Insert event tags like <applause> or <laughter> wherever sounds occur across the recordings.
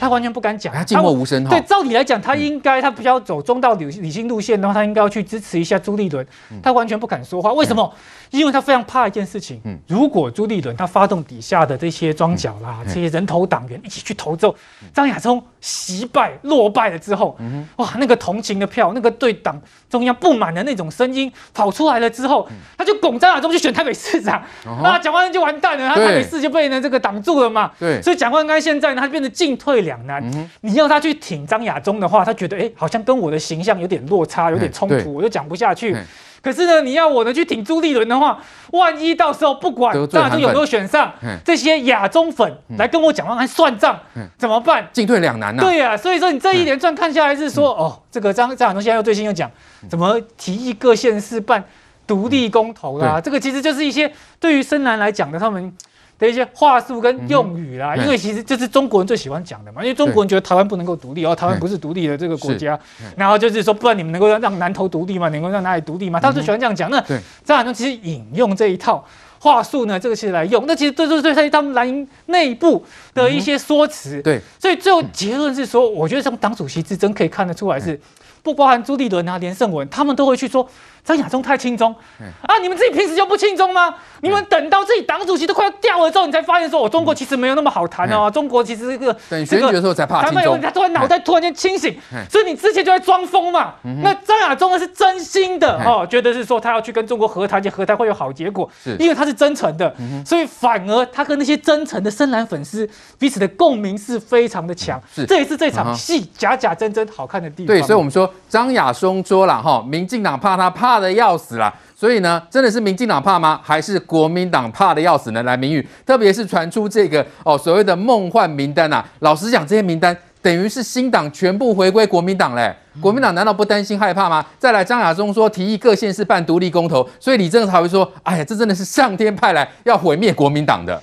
他完全不敢講，他靜默無聲。對，照理來講，他應該他比較走中道理理性路線的話，他應該要去支持一下朱立倫。他完全不敢說話，為什麼？因為他非常怕一件事情。如果朱立倫他發動底下的這些莊腳啦，這些人頭黨員一起去投之後，張亞中惜敗落敗了之後，哇，那個同情的票，那個對黨中央不滿的那種聲音跑出來了之後，他就拱張亞中去選台北市長，那蔣萬安就完蛋了，他台北市就被人這個擋住了嘛。對，所以蔣萬安現在呢，他變得進退兩，兩難，嗯、你要他去挺張亞中的話，他覺得哎、欸，好像跟我的形象有點落差，有點衝突，嗯、我就講不下去。嗯、可是呢，你要我呢去挺朱立倫的話，萬一到時候不管大家都有沒有選上，嗯、這些亞中粉來跟我講完還算賬，嗯嗯、怎麼辦？進退兩難吶、啊。對呀、啊，所以說你這一連串看下來是說，嗯、哦，這個張張亞中現在又最新又講，怎麼提議各縣市辦獨立公投啦、啊？嗯、這個其實就是一些對於深藍來講的，他們的一些話術跟用語啦，嗯、哼因為其實這是中國人最喜歡講的嘛，嗯、因為中國人覺得台灣不能夠獨立、嗯、哦，台灣不是獨立的這個國家，嗯嗯、然後就是說，不然你們能夠讓南投獨立嘛，能夠讓哪裡獨立嘛，他就喜歡這樣講。嗯、哼那對張亞中，其實引用這一套話術呢，這個其實來用，那其實對對對，他們藍營內部的一些說辭、嗯。對，所以最後結論是說，嗯、我覺得從黨主席之爭可以看得出來是，嗯、不包含朱立倫啊、連勝文，他們都會去說。張亞中太親中啊，你們自己平時就不親中嗎？你們等到自己黨主席都快要掉了之後，你才發現說，我中國其實沒有那麼好談哦。中國其實一個選舉的時候才怕親中，他突然腦袋突然間清醒，所以你之前就在裝瘋嘛。那張亞中是真心的哦，覺得是說他要去跟中國和談，就和談會有好結果，因為他是真誠的，所以反而他跟那些真誠的深藍粉絲彼此的共鳴是非常的強。這也是這場戲假假真真好看的地方。對，所以我們說張亞中說了哈，民進黨怕他怕的要死啦，所以呢，真的是民進黨怕嗎？還是國民黨怕的要死呢？來，明玉，特別是傳出這個哦，所謂的夢幻名單啊，老實講，這些名單等於是新黨全部回歸國民黨嘞、欸，嗯、國民黨難道不擔心害怕嗎？再來，張亞中說提議各縣市辦獨立公投，所以李政才會說，哎呀，這真的是上天派來要毀滅國民黨的。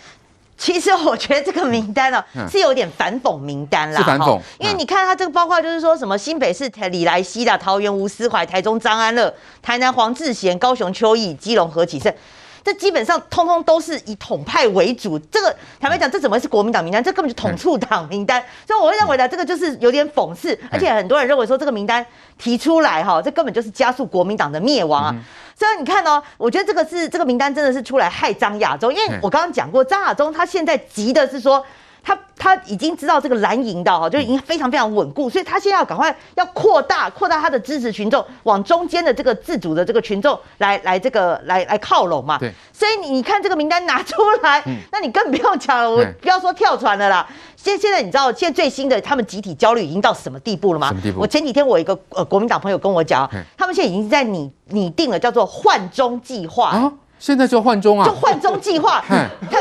其實我覺得這個名單哦、喔,是有點反諷名單啦、嗯。反諷，嗯、因為你看他這個包括就是說什麼新北市李來希的、桃園吳思懷、台中張安樂、台南黃智賢、高雄邱毅，基隆何啟勝。這基本上通通都是以統派為主，這個坦白講，這怎麼是國民黨名單？這根本就是統促黨名單，嗯、所以我會認為呢，這個就是有點諷刺，嗯、而且很多人認為說這個名單提出來，哈，這根本就是加速國民黨的滅亡啊！嗯、所以你看哦，我覺得這個是這個名單真的是出來害張亞中，因為我剛剛講過，張亞中他現在急的是說，他他已經知道這個藍營的哈，就已經非常非常穩固，所以他現在要趕快要擴大擴大他的支持群眾，往中間的這個自主的這個群眾來來這個來來靠攏嘛。對，所以你你看這個名單拿出來，嗯、那你更不用講，我不要說跳船了啦。嘿現在現在你知道現在最新的他們集體焦慮已經到什麼地步了嗎？什麼地步？我前幾天我一個呃國民黨朋友跟我講，嘿他們現在已經在擬擬定了叫做換中計劃啊、哦，現在就換中啊，就換中計劃。嘿他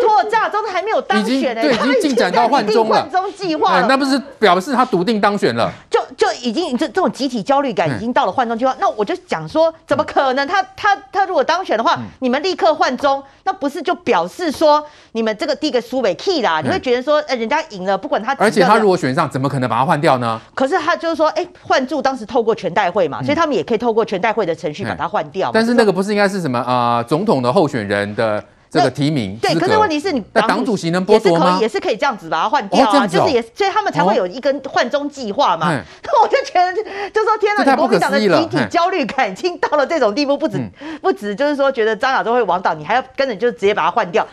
張亞中都還沒有當選呢，對，已經進展到換中了。換中計劃，那不是表示他篤定當選了？就就已經這這種集體焦慮感已經到了換中計劃。那我就講說，怎麼可能他他他如果當選的話，你們立刻換中，那不是就表示說你們這個第一個輸給 key 啦？你會覺得說，哎，人家贏了，不管他。而且他如果選上，怎麼可能把他換掉呢？可是他就是說，哎，換柱當時透過全代會嘛，所以他們也可以透過全代會的程序把他換掉。但是那個不是應該是什麼啊？總統的候選人的。那這個提名對，可是問題是你黨主、主席能剝奪嗎？也是可以，也是可以這樣子把它換掉啊，哦哦、就是也所以他們才會有一根換中計劃嘛。那嘿我就覺得，就說天啊，你國民黨的集體、體焦慮感已經到了這種地步，不止、嗯、不止就是說覺得張亞中會亡黨，你還要跟着，就直接把它換掉。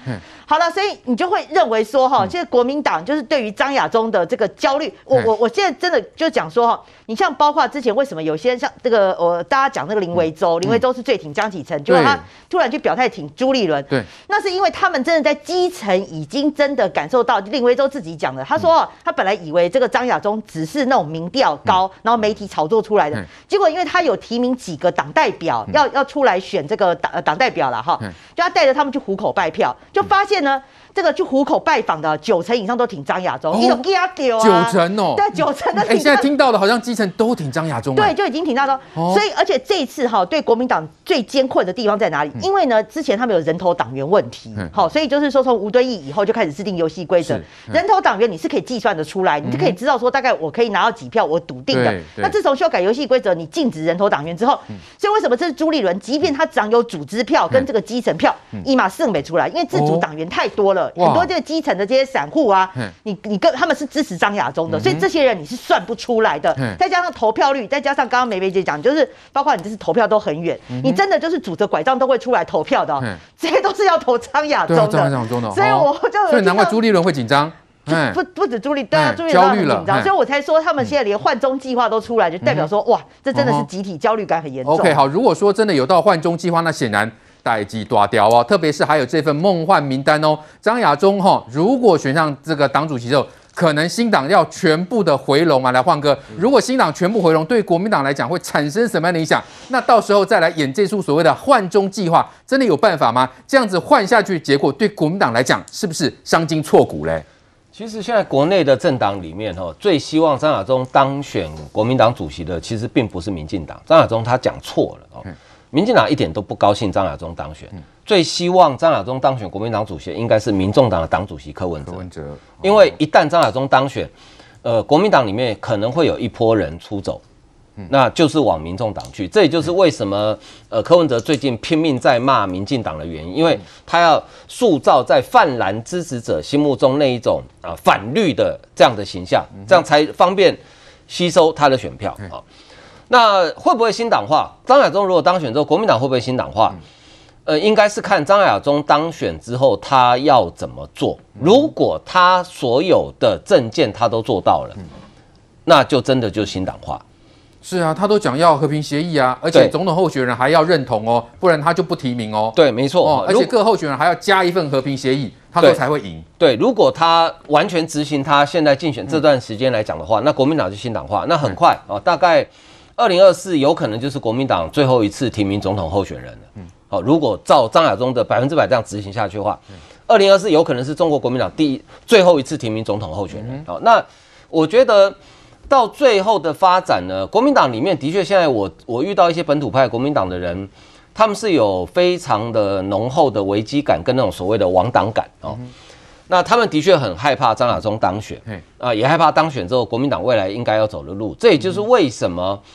好了，所以你就會認為說哈，現在國民黨就是對於張亞中的這個焦慮，嗯、我我我現在真的就講說哈，你像包括之前為什麼有些人像這個，我大家講那個林維洲，嗯、林維洲是最挺江啟臣，就、嗯、他突然去表態挺朱立倫，對，那是因為他們真的在基層已經真的感受到，林維洲自己講的，他說他本來以為這個張亞中只是那種民調高，嗯、然後媒體炒作出來的，嗯、結果因為他有提名幾個黨代表要、嗯、要出來選這個黨、呃、黨代表了哈。嗯就要帶着他們去虎口拜票，就發現呢。這個去湖口拜訪的九成以上都挺張亞中，一九成哦，對，九成的。哎，現在聽到的，好像基層都挺張亞中，對，就已經挺大。亞所以，而且這一次哈，對國民黨最艱困的地方在哪裡？因為呢，之前他們有人頭黨員問題，好，所以就是說，從吳敦義以後就開始制定遊戲規則，人頭黨員你是可以計算得出來，你就可以知道說，大概我可以拿到幾票，我篤定的。那自從修改遊戲規則，你禁止人頭黨員之後，所以為什麼這是朱立倫？即便他長有組織票跟這個基層票，一馬勝沒出來，因為自主黨員太多了。很多這個基層的這些散戶啊，你你跟他們是支持張亞中的，所以這些人你是算不出來的。再加上投票率，再加上剛剛莓莓姐講，就是包括你這次投票都很遠，你真的就是拄着拐杖，都會出來投票的，這些都是要投張亞中的。所以我就所以難怪朱立倫會緊張，不不止朱立，大家注意到了緊張，所以我才說他們現在連換中計劃都出來，就代表說哇，這真的是集體焦慮感很嚴重。OK，好，如果說真的有到換中計劃，那顯然。代誌大條哦，特別是還有這份夢幻名單哦。張亞中哈、哦，如果選上這個黨主席之後，可能新黨要全部的回籠嘛？來，晃哥，如果新黨全部回籠，對國民黨來講會產生什麼樣的影響？那到時候再來演這出所謂的換中計劃，真的有辦法嗎？這樣子換下去結果，對國民黨來講，是不是傷筋錯骨嘞？其實現在國內的政黨裡面哦，最希望張亞中當選國民黨主席的，其實並不是民進黨。張亞中他講錯了哦。嗯民進黨一點都不高興張亞中當選，嗯、最希望張亞中當選國民黨主席應該是民眾黨的黨主席柯文哲，文哲哦，因為一旦張亞中當選，呃，國民黨裡面可能會有一波人出走，嗯，那就是往民眾黨去。這也就是為什麼、嗯、呃柯文哲最近拼命在罵民進黨的原因，因為他要塑造在泛藍支持者心目中那一種啊、呃、反綠的這樣的形象，嗯、哼這樣才方便吸收他的選票啊。嗯哼哦那會不會新黨化？張亞中如果當選之後，國民黨會不會新黨化？嗯、呃，應該是看張亞中當選之後他要怎麼做。嗯、如果他所有的政見，他都做到了，嗯、那就真的就是新黨化。是啊，他都講要和平協議啊，對而且總統候選人還要認同哦，不然他就不提名哦。對，沒錯。哦、果而且各候選人還要加一份和平協議，他說才會贏。對，如果他完全執行他現在競選這段時間來講的話，嗯、那國民黨就新黨化，那很快、嗯、哦，大概。二零二四有可能就是國民黨最後一次提名總統候選人了嗯，好、哦，如果照張亞中的百分之百這樣執行下去的話，二零二四有可能是中國國民黨第一最後一次提名總統候選人。好、嗯哦，那我覺得到最後的發展呢，國民黨裡面的確現在我我遇到一些本土派國民黨的人，他們是有非常的濃厚的危機感跟那種所謂的亡黨感哦。嗯、那他們的確很害怕張亞中當選，嗯嗯、啊，也害怕當選之後國民黨未來應該要走的路。這也就是為什麼、嗯。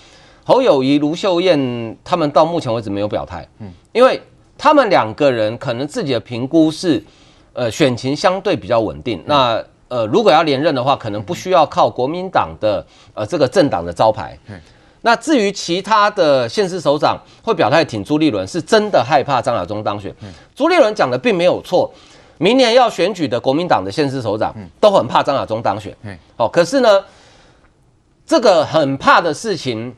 侯友宜、盧秀燕他們到目前為止沒有表態，因為他們兩個人可能自己的評估是，呃，選情相對比較穩定。那呃，如果要連任的話，可能不需要靠國民黨的呃這個政黨的招牌。那至於其他的縣市首長會表態挺朱立倫，是真的害怕張亞中當選。朱立倫講的並沒有錯，明年要選舉的國民黨的縣市首長都很怕張亞中當選。好，可是呢，這個很怕的事情。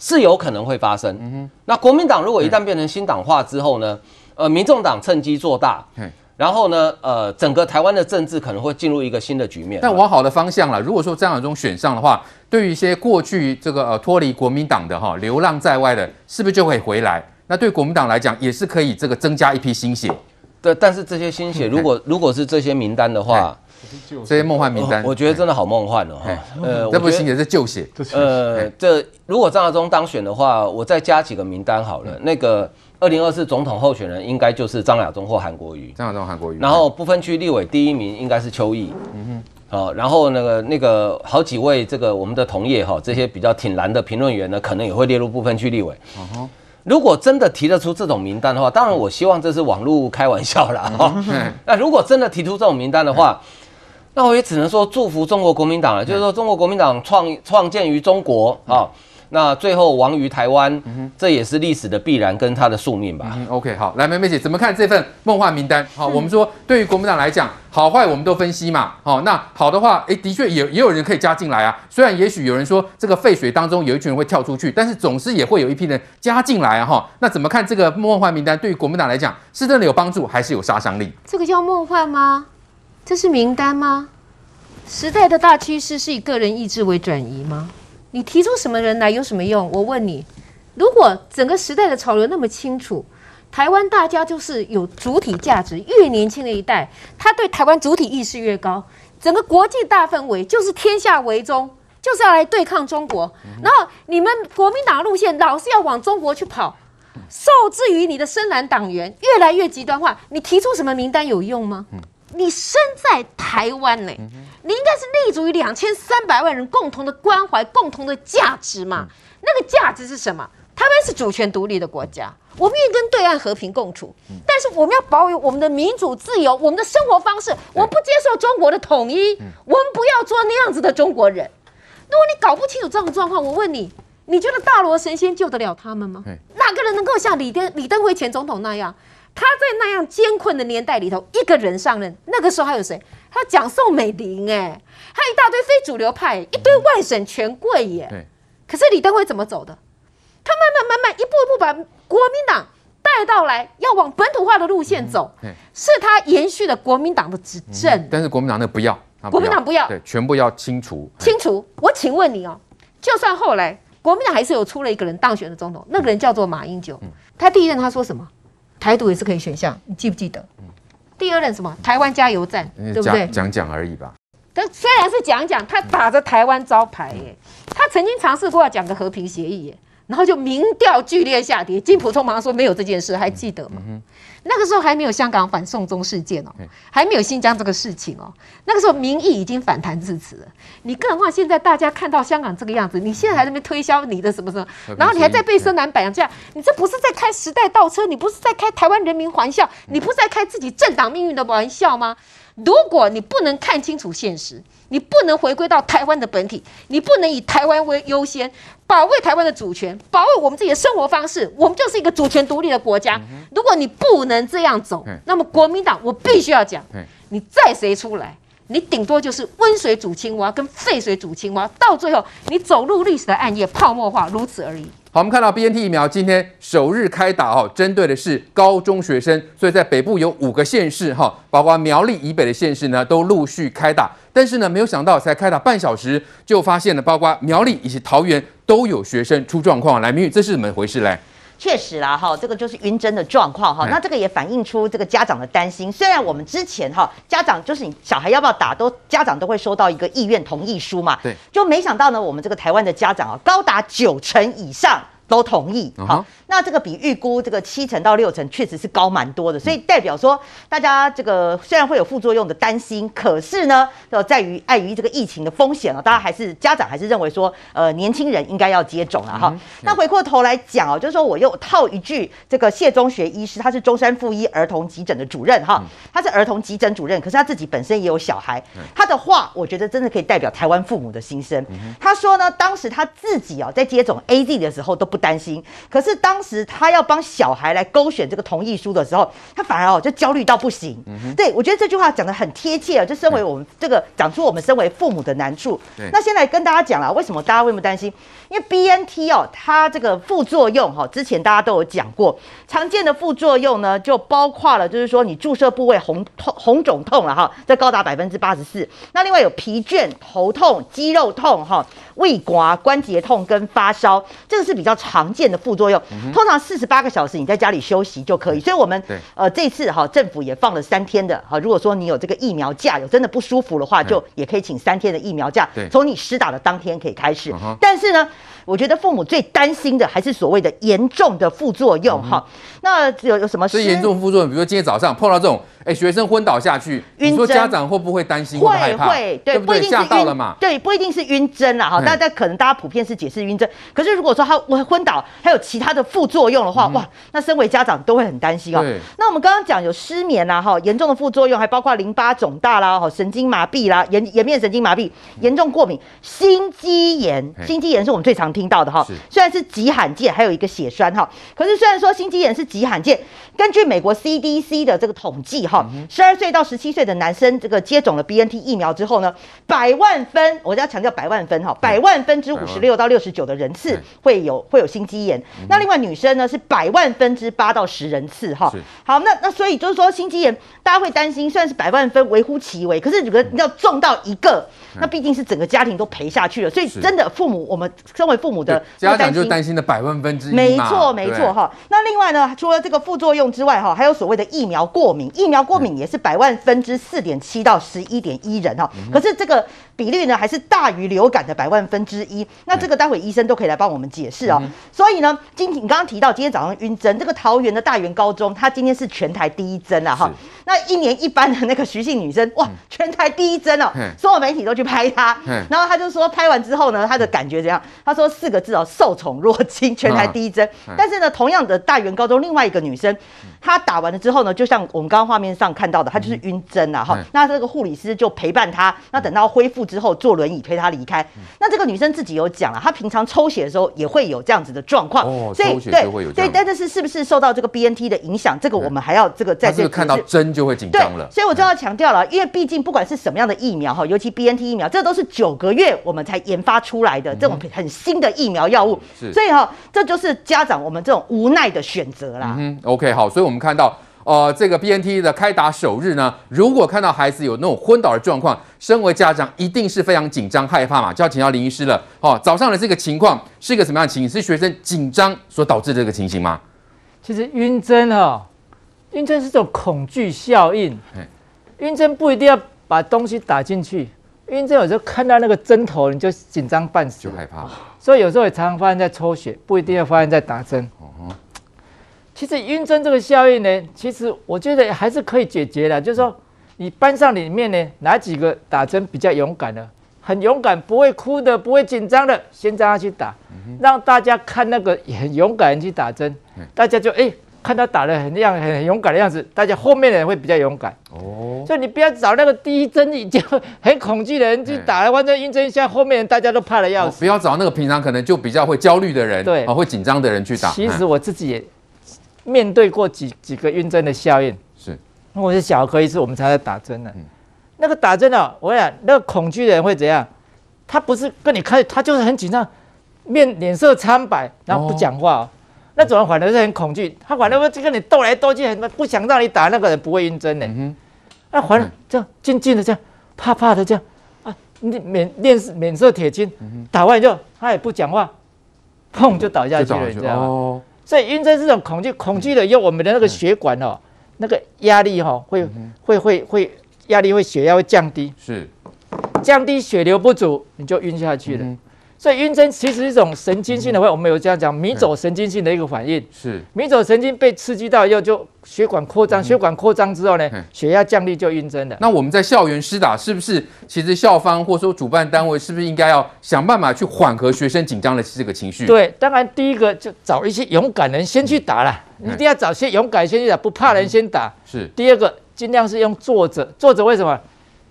是有可能會發生。嗯、哼那國民黨如果一旦變成新黨化之後呢，嗯、呃，民眾黨趁機做大，嗯、然後呢，呃，整個台灣的政治可能會進入一個新的局面。但往好的方向了，如果說這樣一種選上的話，對於一些過去這個呃脫離國民黨的哈流浪在外的，是不是就會回來？那對國民黨來講也是可以這個增加一批新血。對、嗯，嗯、但是這些新血如果、嗯、如果是這些名單的話。嗯嗯嗯這些夢幻名單，我覺得真的好夢幻哦。呃，這不行，也是舊寫。呃，這如果張亞中當選的話，我再加幾個名單好了。那個二零二四總統候選人應該就是張亞中或韓國瑜。張亞中、韓國瑜。然後不分區立委第一名應該是邱毅。嗯哼。哦，然後那個那個好幾位這個我們的同業哈，這些比較挺藍的評論員呢，可能也會列入不分區立委。如果真的提得出這種名單的話，當然我希望這是網絡開玩笑啦。哈。那如果真的提出這種名單的話，那我也只能說祝福中國國民黨了，就是說中國國民黨創創建於中國啊、哦，那最後亡於台灣，這也是歷史的必然跟它的宿命吧、嗯。OK，好，來，莓莓姐怎麼看這份夢幻名單？好是、哦，我們說對於國民黨來講，好壞我們都分析嘛。好、哦，那好的話，哎，的確也也有人可以加進來啊。雖然也許有人說這個廢水當中有一群人會跳出去，但是總是也會有一批人加進來啊。哈、哦，那怎麼看這個夢幻名單對於國民黨來講是真的有幫助還是有殺傷力？這個叫夢幻嗎？這是名單嗎？時代的大趨勢是以個人意志為轉移嗎？你提出什麼人來有什麼用？我問你，如果整個時代的潮流那麼清楚，台灣大家就是有主體價值，越年輕的一代，他對台灣主體意識越高。整個國際大氛圍就是天下圍中，就是要來對抗中國。嗯、哼然後你們國民黨路線老是要往中國去跑，受制於你的深藍黨員越來越極端化，你提出什麼名單有用嗎？嗯你身在台灣呢、欸，你應該是立足於兩千三百萬人共同的關懷、共同的價值嘛？那個價值是什麼？台灣是主權獨立的國家，我們願意跟對岸和平共處，但是我們要保有我們的民主自由、我們的生活方式。我們不接受中國的統一，我們不要做那樣子的中國人。如果你搞不清楚這種狀況，我問你，你覺得大羅神仙救得了他們嗎？哪、那個人能夠像李登李登輝前總統那樣？他在那樣艱困的年代裡頭，一個人上任，那個時候還有誰？他講宋美齡哎、欸，還一大堆非主流派，一堆外省權貴耶、欸。嗯、可是李登輝怎麼走的？他慢慢慢慢一步一步把國民黨帶到來，要往本土化的路線走，嗯、是他延續了國民黨的執政。嗯、但是國民黨那個不要，不要國民黨不要，對，全部要清除。清除？嘿我請問你哦，就算後來國民黨還是有出了一個人當選的總統，那個人叫做馬英九，嗯嗯、他第一任他說什麼？台獨也是可以選項，你記不記得？嗯、第二任什麼台灣加油站，嗯、對不對？講講而已吧。但雖然是講講，他打着台灣招牌，耶，嗯、他曾經嘗試過要講個和平協議，耶，然後就民調劇烈下跌。金普通忙說沒有這件事，嗯、還記得嗎？嗯嗯那個時候還沒有香港反送中事件哦，還沒有新疆這個事情哦。那個時候民意已經反彈至此了。你更何況現在大家看到香港這個樣子，你現在還在那邊推銷你的什麼什麼，然後你還在背身南擺樣這樣，你這不是在開時代倒車，你不是在開台灣人民玩笑，你不是在開自己政黨命運的玩笑嗎？如果你不能看清楚現實，你不能回歸到台灣的本體，你不能以台灣為優先，保衛台灣的主權，保衛我們自己的生活方式，我們就是一個主權獨立的國家。如果你不能這樣走，那麼國民黨，我必須要講，你再誰出來，你頂多就是溫水煮青蛙跟沸水煮青蛙，到最後你走入歷史的暗夜，泡沫化，如此而已。好，我們看到 BNT 疫苗今天首日開打哦，針對的是高中學生，所以在北部有五個縣市哈，包括苗栗以北的縣市呢，都陸續開打。但是呢，沒有想到才開打半小時，就發現了包括苗栗以及桃園都有學生出狀況。來，明玉，這是怎麼回事來？確實啦，哈，這個就是暈針的狀況哈。嗯，那這個也反映出這個家長的擔心。雖然我們之前哈，家長就是你小孩要不要打，都家長都會收到一個意願同意書嘛。對，就沒想到呢，我們這個台灣的家長啊，高達九成以上。都同意，uh huh. 好，那這個比預估這個七成到六成確實是高蠻多的，所以代表說大家這個雖然會有副作用的擔心，可是呢，呃，在於礙於這個疫情的風險了，大家還是家長還是認為說，呃，年輕人應該要接種了哈。那回過頭來講哦，就是說我又套一句，這個謝忠學醫師，他是中山附醫兒童急診的主任哈，uh huh. 他是兒童急診主任，可是他自己本身也有小孩，uh huh. 他的話我覺得真的可以代表台灣父母的心聲。Uh huh. 他說呢，當時他自己哦在接種 AZ 的時候都不。擔心，可是當時他要幫小孩來勾選這個同意書的時候，他反而哦就焦慮到不行。嗯、哼對我覺得這句話講得很貼切啊，就身為我們這個講、欸、出我們身為父母的難處。欸、那現在跟大家講啦，為什麼大家為什麼擔心？因為 B N T 哦，它這個副作用哈，之前大家都有講過，常見的副作用呢就包括了，就是說你注射部位紅痛、紅腫痛了、啊、哈，這高達百分之八十四。那另外有疲倦、頭痛、肌肉痛哈。胃刮、關節痛跟發燒，這個是比較常見的副作用。通常四十八個小時你在家裡休息就可以。嗯、所以，我們對呃這次哈政府也放了三天的哈。如果說你有這個疫苗假，有真的不舒服的話，嗯、就也可以請三天的疫苗假，對從你施打的當天可以開始。嗯、哼但是呢，我覺得父母最擔心的還是所謂的嚴重的副作用、嗯、哼哈。那有有什麼事情最嚴重副作用？比如說今天早上碰到這種。哎、欸，學生昏倒下去，暈真你說家長會不會擔心、會，會，會害怕？對，對不會嚇到了嘛，對，不一定是暈針啦哈。大家、嗯、可能大家普遍是解釋暈針，可是如果說他我昏倒，還有其他的副作用的話，嗯、哇，那身為家長都會很擔心啊、哦。對那我們剛剛講有失眠啊哈，嚴重的副作用還包括淋巴腫大啦、哈神經麻痹啦、顏顏面神經麻痹、嚴重過敏、心肌炎。心肌炎是我們最常聽到的哈、哦，嗯、雖然是極罕見，還有一個血栓哈。可是雖然說心肌炎是極罕見，根據美國 CDC 的這個統計。好，十二歲到十七歲的男生，這個接種了 B N T 疫苗之後呢，百萬分，我要強調百萬分哈，百萬分之五十六到六十九的人次會有會有心肌炎。嗯、哼那另外女生呢是百萬分之八到十人次哈。好，是好那那所以就是說心肌炎大家會擔心，算是百萬分微乎其微，可是如果你要中到一個，嗯、那畢竟是整個家庭都賠下去了。所以真的父母，是我們身為父母的對家長就擔心的百萬分之一沒錯沒錯哈。對那另外呢，除了這個副作用之外哈，還有所謂的疫苗過敏，疫苗。過敏也是百萬分之四點七到十一點一人哈、哦，可是這個。比率呢，還是大於流感的百萬分之一。那這個待會醫生都可以來幫我們解釋哦。嗯、所以呢，今天你剛剛提到今天早上暈針，這、那個桃園的大園高中，他今天是全台第一針了、啊、哈。是那一年一班的那個徐姓女生，哇，全台第一針哦、啊，所有媒體都去拍他。嗯、然後他就說，拍完之後呢，嗯、他的感覺怎樣？他說四個字哦，受寵若驚，全台第一針。啊嗯、但是呢，同樣的大園高中另外一個女生，她打完了之後呢，就像我們剛剛畫面上看到的，她就是暈針了、啊、哈、嗯嗯哦。那這個護理師就陪伴她，那等到恢復。之後坐輪椅推她離開，那這個女生自己有講了，她平常抽血的時候也會有這樣子的狀況，所以對對，但這是是不是受到這個 B N T 的影響？這個我們還要這個在這看到針就會緊張了，所以我就要強調了，因為畢竟不管是什麼樣的疫苗哈，尤其 B N T 疫苗，這都是九個月我們才研發出來的這種很新的疫苗藥物，所以哈，這就是家長我們這種無奈的選擇啦。嗯，OK，好，所以我們看到。哦、呃，這個 B N T 的開打首日呢，如果看到孩子有那種昏倒的狀況，身為家長一定是非常緊張害怕嘛，就要請到林醫師了。哦、早上的這個情況是一個什麼樣的情形？是學生緊張所導致這個情形嗎？其實暈針哈、哦，暈針是種恐懼效應。嘿暈針不一定要把東西打進去，暈針有時候看到那個針頭你就緊張半死，就害怕。所以有時候也常常發現在抽血，不一定要發現在打針。哦其實暈針這個效應呢，其實我覺得還是可以解決的。就是說，你班上裡面呢，哪幾個打針比較勇敢的，很勇敢、不會哭的、不會緊張的，先讓他去打，讓大家看那個也很勇敢去打針，大家就哎、欸、看他打得很像很勇敢的樣子，大家後面的人會比較勇敢。哦，所以你不要找那個第一針你就很恐懼的人去打，完全暈針一下，後面大家都怕的要死。不要找那個平常可能就比較會焦慮的人，對哦，會緊張的人去打。其實我自己也。嗯面對過幾幾個暈針的效應是，我小可是小兒科醫生，我們常常打針的、啊，嗯、那個打針哦、啊，我想那個恐懼的人會怎樣？他不是跟你看，他就是很緊張面，面臉色蒼白，然後不講話、哦。哦、那種人反而是很恐懼，他反而是就跟你鬥來鬥去，很不想讓你打。那個人不會暈針的，嗯、哼那反而這樣、嗯、靜靜的這樣怕怕的這樣啊，面面臉色臉色鐵青，嗯、哼打完就他也不講話，砰就倒下去了，你所以暈針這種恐懼恐懼的，因為我們的那個血管哦、喔，嗯、那個壓力哈、喔，會、嗯、哼會會會壓力會血壓會降低，是降低血流不足，你就暈下去了。嗯所以暈針其實是一種神經性的話，嗯、我們有這樣講迷走神經性的一個反應。是迷走神經被刺激到以後，就血管擴張，嗯、血管擴張之後呢，嗯、血壓降低就暈針了。那我們在校園施打，是不是其實校方或者說主辦單位是不是應該要想辦法去緩和學生緊張的這個情緒？對，當然第一個就找一些勇敢人先去打啦，嗯、一定要找一些勇敢先去打，不怕人先打。嗯、是第二個盡量是用坐着，坐着為什麼？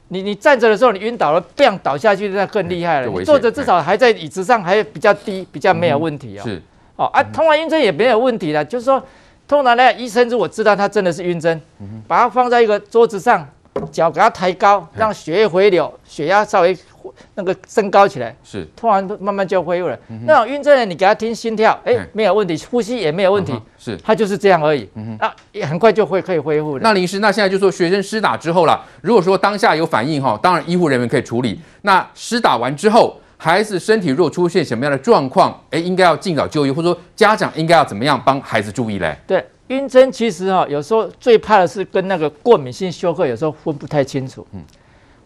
你你站着的時候你暈倒了，這樣 <noise> 倒下去那更厲害了。坐着至少還在椅子上，還比較低，嗯、哼比較沒有問題啊。是哦啊，通常暈針也沒有問題就是說，通常呢，醫生如果知道他真的是暈針，嗯、哼把他放在一個桌子上，腳給他抬高，讓血液回流，血壓稍微。那個升高起來，是突然慢慢就恢復了。嗯、哼那種暈針呢，你給他聽心跳，哎、欸，嗯、沒有問題，呼吸也沒有問題，嗯、是，他就是這樣而已。那、嗯哼啊、也很快就會可以恢復了。那林醫師，那現在就說學生施打之後啦，如果說當下有反應哈，當然醫護人員可以處理。那施打完之後，孩子身體若出現什麼樣的狀況，哎、欸，應該要儘早就醫，或者說家長應該要怎麼樣幫孩子注意嘞？對，暈針其實哈、哦，有時候最怕的是跟那個過敏性休克有時候分不太清楚。嗯。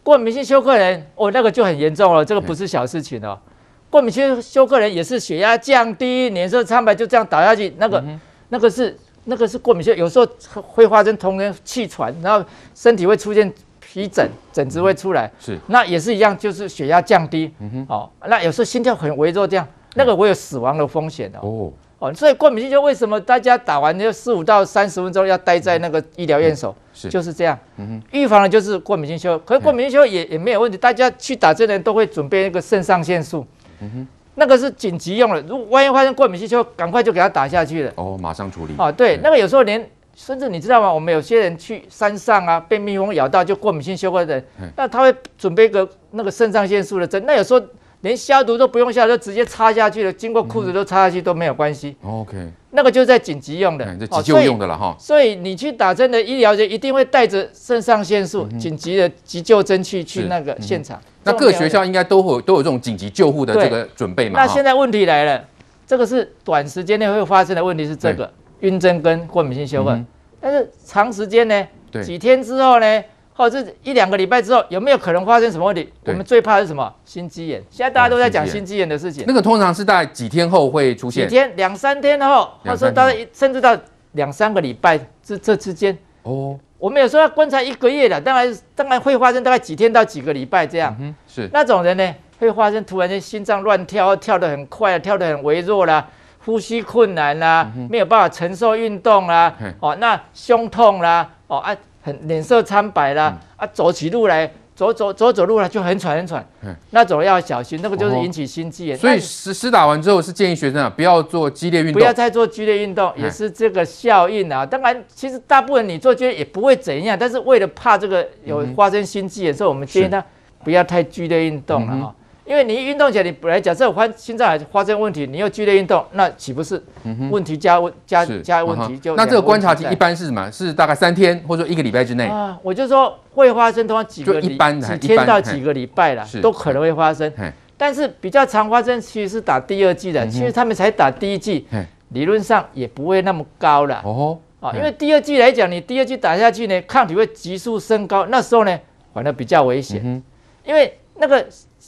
過敏性休克人哦，那個就很嚴重了，這個不是小事情哦。嗯、過敏性休克人也是血壓降低，臉色蒼白，就這樣倒下去。那個，嗯、哼那個是那個是過敏性，有時候會發生同源氣喘，然後身體會出現皮疹，疹子會出來。嗯、是，那也是一樣，就是血壓降低。好、嗯哼哦，那有時候心跳很微弱，這樣那個會有死亡的風險哦。嗯哦所以過敏性休克，為什麼大家打完就四五到三十分鐘要待在那個醫療院所？是，就是這樣。嗯哼，預防的就是過敏性休克。可過，過，過敏性休克也也沒有問題，大家去打針的人都會準備一個腎上腺素。嗯哼，那個是緊急用的。如果萬一發生過敏性休克，趕快就給他打下去了。哦，馬上處理。哦，對，那個有時候連甚至你知道嗎？我們有些人去山上啊，被蜜蜂咬到就過敏性休克的人，那他會準備一個那個腎上腺素的針。那有時候。連消毒都不用消，就直接插下去了。經過褲子都插下去都沒有關係。OK，那個就在緊急用的，這急救用的了哈。所以你去打針的醫療就一定會帶着腎上腺素、緊急的急救針去去那個現場。那各學校應該都會有都有這種緊急救護的這個準備嘛？那現在問題來了，這個是短時間內會發生的問題，是這個暈針跟過敏性休克。但是長時間呢？幾天之後呢？或者是一兩個禮拜之後，有沒有可能發生什麼問題？對我們最怕的是什麼？心肌炎。現在大家都在講心肌炎的事情。哦、那個通常是在幾天後會出現。幾天、兩三天後，或者是到甚至到兩三個禮拜這這之間。哦。我們有時候要觀察一個月的，當然當然會發生大概幾天到幾個禮拜這樣。嗯，是。那種人呢，會發生突然間心臟亂跳，跳得很快，跳得很微弱啦，呼吸困難啦，嗯、哼沒有辦法承受運動啦，嗯、哼哦，那胸痛啦，哦，啊很臉色蒼白啦，嗯、啊，走起路來，走走走走路來就很喘很喘，嘿那走要小心，那個就是引起心肌炎。哦、所以施施打完之後，是建議學生啊，不要做激烈運動、啊，不要太做劇烈運動，嘿也是這個效應啊。當然，其實大部分你做劇烈也不會怎樣，但是為了怕這個有發生心肌炎，所以我們建議他不要太劇烈運動了、啊嗯因為你運動起來，你本來假設心臟病發生問題，你又劇烈運動，那豈不是問題加問加加問題？就那這個觀察期一般是什麼？是大概三天，或者說一個禮拜之內啊。我就說會發生多少幾個禮一般的，幾天到幾個禮拜了，都可能會發生。但是比較常發生其實是打第二劑的，其實他們才打第一劑，理論上也不會那麼高了哦。啊，因為第二劑來講，你第二劑打下去呢，抗體會急速升高，那時候呢，反而比較危險，因為那個。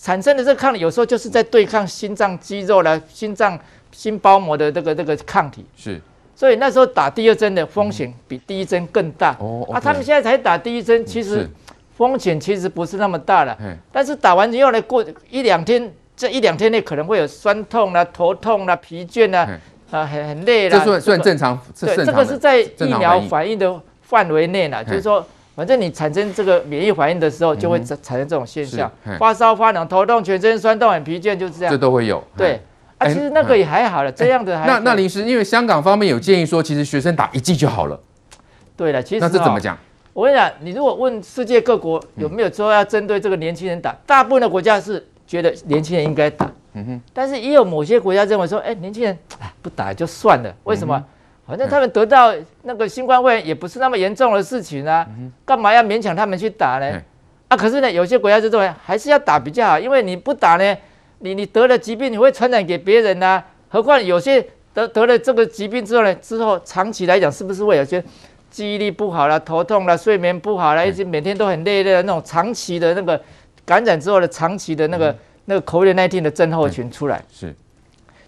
產生的這個抗體有時候就是在對抗心臟肌肉啦、心臟心包膜的這個這個抗體，是。所以那時候打第二針的風險比第一針更大。嗯、啊，他們現在才打第一針，其實風險其實不是那麼大了。是。但是打完之後呢，過一兩天，這一兩天內可能會有酸痛啦、啊、頭痛啦、啊、疲倦啦，啊，很、嗯啊、很累啦。這算算正常。這、這個是在疫苗反應的範圍內呢，就是說。反正你產生這個免疫反應的時候，就會產產生這種現象，嗯、發燒、發冷、頭痛、全身痠痛、很疲倦，就是這樣。這都會有。對、欸、啊，其實那個也還好了，欸、這樣子還好。那那臨時，因為香港方面有建議說，其實學生打一劑就好了。對了，其實、喔。那這怎麼講？我跟你講，你如果問世界各國有沒有說要針對這個年輕人打，大部分的國家是覺得年輕人應該打。嗯哼。但是也有某些國家認為說，哎、欸，年輕人唉不打就算了，為什麼？嗯反正他們得到那個新冠病也不是那麼嚴重的事情啊，幹嘛要勉強他們去打呢？啊，可是呢，有些國家就認為還是要打比較好，因為你不打呢，你你得了疾病你會傳染給別人啊，何況有些得得了這個疾病之後呢，之後長期來講是不是會有些記憶力不好了、頭痛了、睡眠不好了，一直每天都很累的那種長期的那個感染之後的長期的那個那個 COVID-19 的症候群出來，是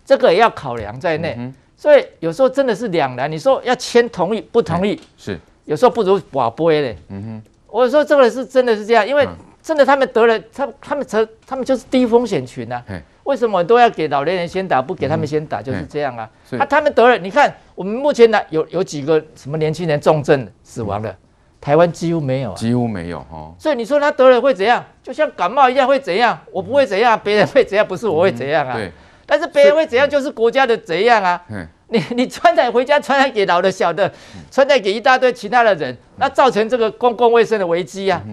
這個也要考量在內。嗯。嗯嗯嗯所以有時候真的是兩難，你說要簽同意不同意、欸、是，有時候不如瓦杯嘞。嗯哼，我說這個是真的是這樣，因為真的他們得了，他他們成他們就是低風險群吶、啊。欸、為什麼我都要給老年人先打，不給他們先打、嗯、哼就是這樣啊？他、欸啊、他們得了，你看我們目前呢有有幾個什麼年輕人重症死亡了，嗯、台灣幾乎沒有啊、啊、幾乎沒有，幾乎沒有哈。所以你說他得了會怎樣？就像感冒一樣會怎樣？我不會怎樣，別、嗯、哼人會怎樣？不是我會怎樣啊？嗯但是別人會怎樣？就是國家的怎樣啊！你你傳染回家，傳染給老的、小的，傳染給一大堆其他的人，那造成這個公共衛生的危機啊！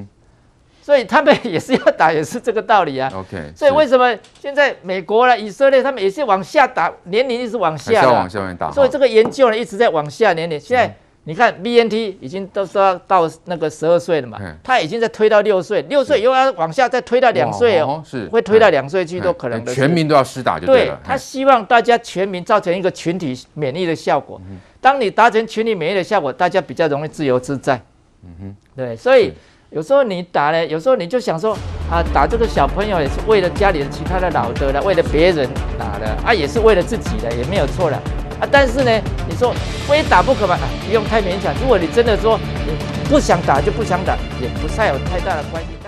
所以他們也是要打，也是這個道理啊。OK。所以為什麼現在美國啦、以色列他們也是往下打，年齡一直往下，往下面打。所以這個研究呢一直在往下年齡，現在。你看，BNT 已經都說到那個十二歲了嘛，他已經在推到六歲，六歲又要往下再推到兩歲哦，是會推到兩歲去，都可能。全民都要施打，就對了。他希望大家全民造成一個群體免疫的效果。當你達成群體免疫的效果，大家比較容易自由自在。嗯哼，對。所以有時候你打呢，有時候你就想說啊，打這個小朋友也是為了家裡的其他的老的了，為了別人打的啊，也是為了自己的，也沒有錯了。啊，但是呢，你說非打不可吧？啊，不用太勉強。如果你真的說你不想打，就不想打，也不太有太大的關係。